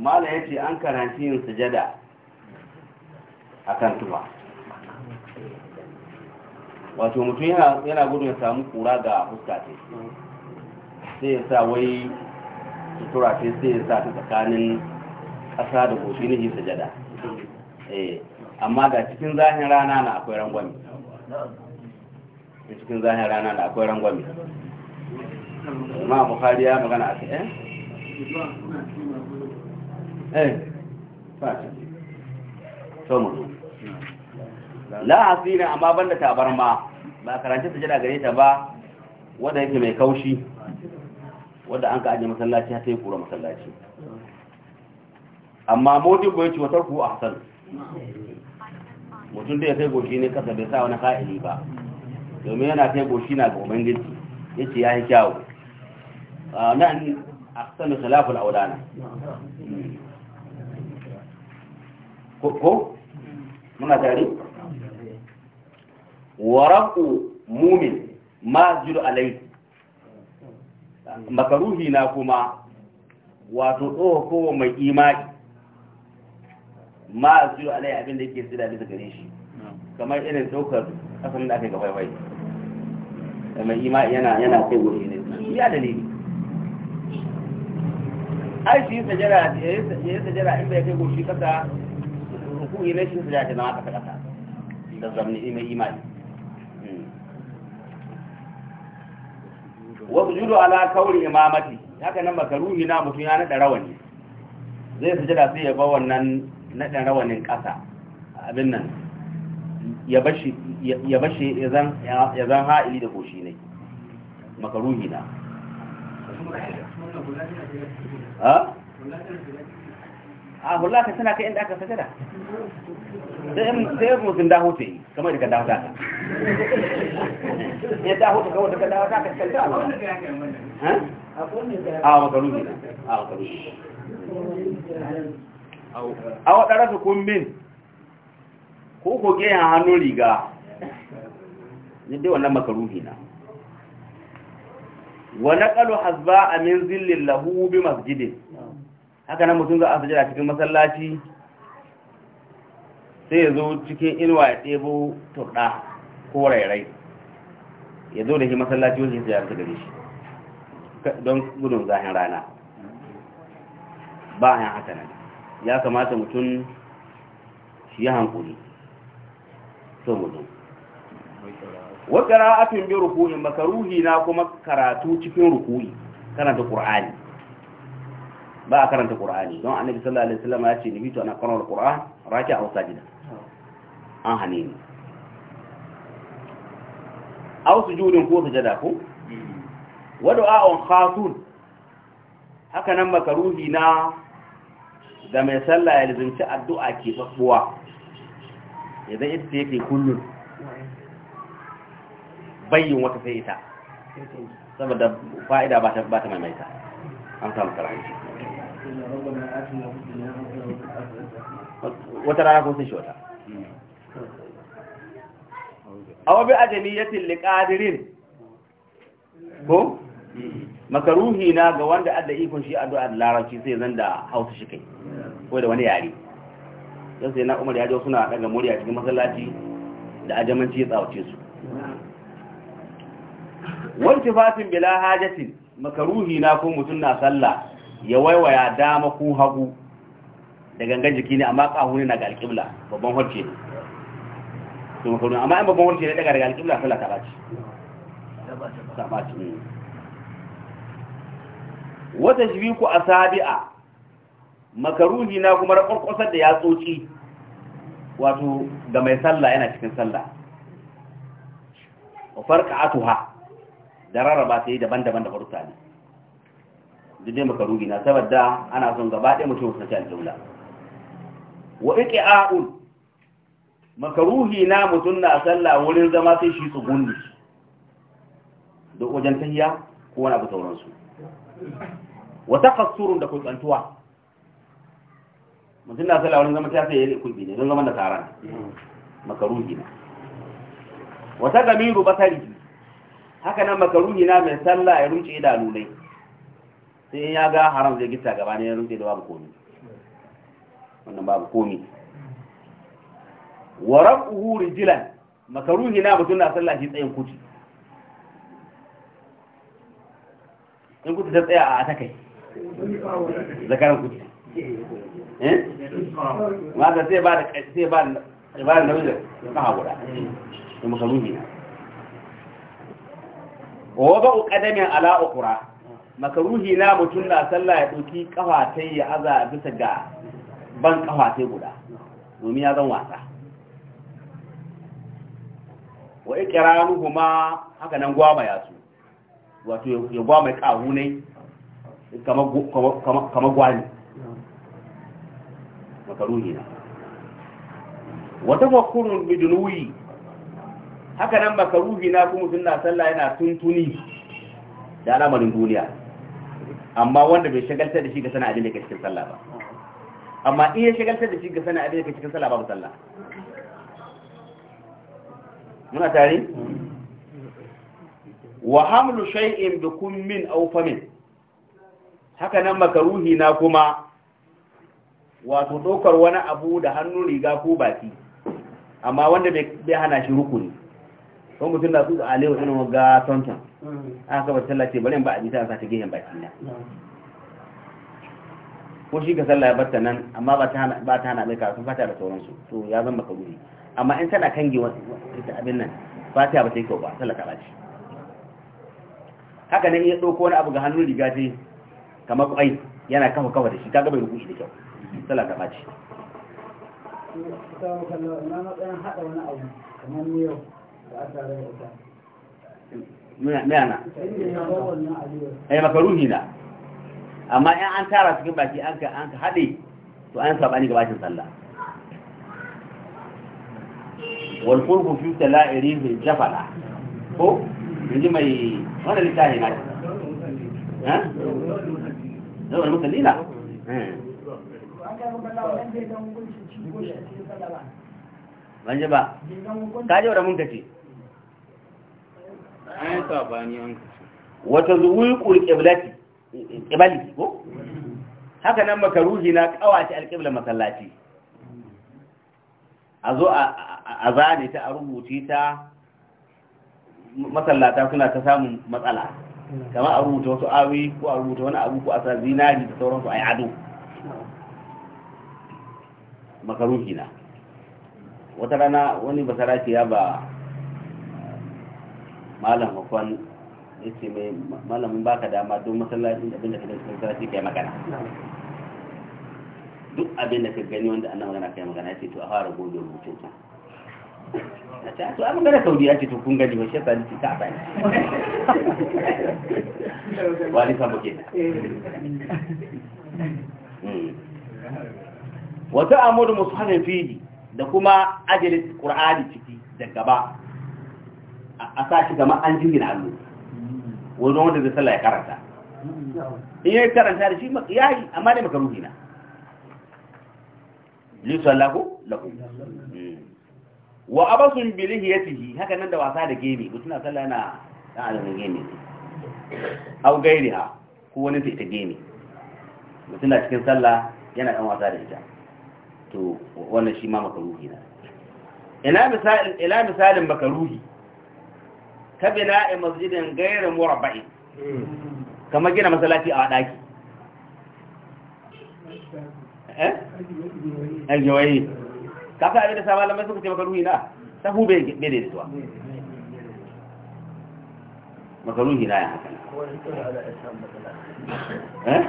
mala ya ce an karanci yin sujada a kan tuba wato mutum yana gudun ya samu kura ga fuska ce sai ya sa wai sutura ce sai ya sa ta tsakanin ƙasa da goshi ne sujada eh, amma ga cikin zahin rana na akwai rangwami cikin zahin rana na akwai rangwami ma bukhari ya magana a cikin Eh, la ba amma ban da tabar amma ba karanci ba jira gare ta ba wadda yake mai kaushi wadda an ka ajiye masallaci ta yi kura masallaci amma modi ko watar kuwa a ahsan mutum da ya kai goshi ne kasa bai sa wani ka'ili ba domin yana kai goshi na ga ubangiji yace ya yi kyawu ah, أحسن خلاف الأولانة ko muna tare waraku mumin ma jiru alai makaruhi na kuma wato tsoho mai imani ma jiru alai abin da yake sida bisa gare shi kamar irin ɗaukar kasan da aka yi gaba mai imani yana yana kai wuri ne ya dalili ai shi sajada ya yi sajada in bai kai goshi kasa ruku ne shi sajada ta zama kasa kasa da zamni mai imani hmm. wa sujudu ala kauri imamati haka nan makaruhi na mutum ya nada rawani zai sajada sai ya ba wannan nada rawanin kasa abin nan ya bashi ya bashi ya zan ha'ili da goshi ne makaruhi na a hula ka tana kai inda aka sajada sai mutum da hutu yi kamar daga dawo daga ya da hutu kawai daga dawo daga cikin dawo a makaru ne a makaru ne a waɗara su kumbin ko koke yan hannu riga ne dai wannan makaru na wa naqalu hazba min zillin lahu bi masjidin haka nan mutum za a sujada cikin masallaci sai ya zo cikin inuwa ya ɗebo turɗa ko rairai ya zo da shi masallaci wajen ya ta gare shi don gudun zahin rana ba a haka nan ya kamata mutum shi ya hankuli so mutum wa qira'atin bi ruku'i makaruhi na kuma karatu cikin ruku'i karanta qur'ani ba a karanta qur'ani don annabi sallallahu alaihi wasallam ya ce ni to ana karanta qur'an raki'a wa sajida an hane ni aw sujudin ko sujada ko wa du'a'un khasun haka nan makaruhi na da mai sallah ya lizinci addu'a ke babbuwa idan ita yake kullun bayyin wata sai ita saboda fa'ida ba ta ba ta maimaita an samu karanci wata rana ko sai shi wata awa bi ajamiyatin liqadirin ko makaruhi na ga wanda adda ikon shi addu'a da larabci sai zan da hausa shi kai ko da wani yare yau sai na umar ya jo suna daga murya cikin masallaci da ajamanci ya tsawace su wanti fatin bila hajatin makaruhi na ko mutum na sallah ya waiwaya dama ko hagu da gangan jiki ne amma kahuni na ga babban harce ne to makaruhi amma in babban harce ne daga daga alƙibla sallah ta baci baci ne mm. wata shi ku asabi'a makaruhi na kuma raƙwarƙwasar da yatsoci wato ga mai sallah yana cikin sallah wa farka atuha da rarraba ta yi daban-daban da farusa ne duk dai makaruhi na saboda ana son gaba ɗaya mutum kusanci alƙibla wa maka ruhi na mutum na sallah wurin zama sai shi gundu da wajen tahiya ko wani abu sauransu Wata kasurun da kusantuwa mutum na sallah wurin zama ta sai yi kulbi ne don zama da Maka ruhi na wata gamiru basari haka nan makaruhi na mai sallah ya ruce idanu ne sai in ya ga haram zai gita gaba ne ya ruce da babu komi wannan babu komi wa rafuhu rijlan makaruhi na mutum na sallah shi tsayin kuti in kuti ta tsaya a takai zakaran kuti eh ma sai ba da sai ba da ba da nauyi ya kaha guda in makaruhi na wa ba qadamin ala ukra makaruhi na mutun na sallah ya doki kafa tai ya aza bisa ga ban kafa tai guda domin ya zan wasa wa ikramuhuma haka nan gwama ya su wato ya gwama kawu ne kama kama kama gwani makaruhi na wa tafakkurun bidunuyi haka nan ruhi na kuma mutum na sallah yana tuntuni da al'amarin duniya amma wanda bai shagaltar da shi ga sana abin da ke cikin sallah ba amma in ya shagaltar da shi ga sana abin da ke cikin sallah babu sallah muna tare wa hamlu shay'in bi kummin aw famin haka nan makaruhi na kuma wato dokar wani abu da hannun riga ko baki amma wanda bai hana shi rukuni kuma mutum da su a alewa irin ga tonton mm. aka kaba sallah ce bari ba a ta a sata gehen baki na mm. ko shi ka sallah ya batta nan amma ba ta hana mai karatun fata da sauransu to ya maka kaburi amma in tana kange wata abin nan fata ba ta yi kyau ba sallah ta ce haka nan iya ɗauko wani abu ga hannun riga ce kamar kwai yana kafa kafa da shi ta gaba bai rukushi da kyau sallah ba ce. Ina matsayin haɗa wani abu kamar miyau ai eh, makaruhi na amma in an tara cikin baki an ka an ka haɗe to an saba ni gabashin sallah wal furqu fi sala'iri fi jafala ko yanzu mai wannan littafi na shi eh? ha da wani musallina eh. ban ji ba ka ji wa da mun kace wata zuwi qiblati qibali ko haka nan makaruhi na kawace alqibla masallaci a zo a zane ta a rubuce ta masallata suna ta samun matsala kama a rubuta wasu awi ko a rubuta wani abu ko a sa zinari da sauransu a yi ado makaruhi na wata rana wani basara ya ba malam hukwan ya mai malamin baka dama don masallacin abinda ka dace masallaci kai magana duk da ka gani wanda annan magana kai magana ya ce to a fara gobe rubutun can a to a magana saudi ya ce to kun gani ba shi yasa nake ta bani wani samu ke eh. hmm. wata amuru mushafin fili da kuma ajalin qur'ani ciki da gaba a sa shi gama an jingina allo wajen wanda zai sallah ya karanta in yi karanta da shi ya yi amma ne makaruhi na lisan lahu lahu wa abasun bilihi ya fi haka nan da wasa da gemi mutum suna sallah na ɗan alamun gemi ne au gairi ha ko wani ta ita gemi mutum na cikin sallah yana ɗan wasa da ita to wannan shi ma makaruhi na ina misalin makaruhi ka bina'i masjidin gairin murabba'in kamar gina masalaci a waɗaki eh ajiyoyi ka fi abin da sama lamar suka ce makaruhi na ta hube bai daidaituwa maka ruhi na ya haka eh?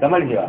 kamar hewa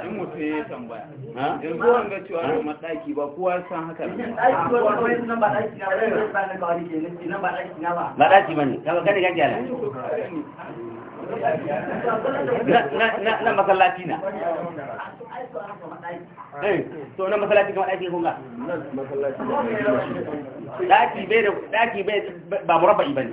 in mutum ya tambaya yanzu an ga cewa da mataki ba kowa san haka ba ba ne kama kada gajiya na na masallaci na eh, to na masallaci kunga bai da bai ba murabba'i ne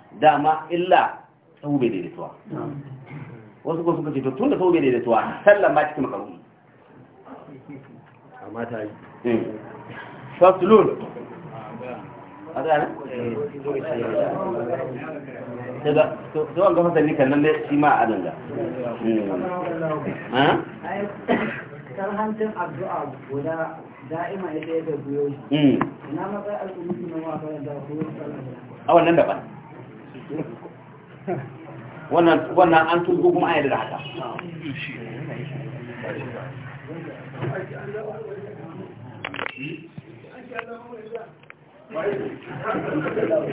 dama illa tsawo bai daidaituwa wasu kuma suka ce tun da bai daidaituwa sallan ba cikin amma ta yi eh. a ne? ne? ne? nan ne? ne? ne? ne? ne? ne? ne? ne? ne? ne? ne? wannan an turgo kuma an da haka Thank you.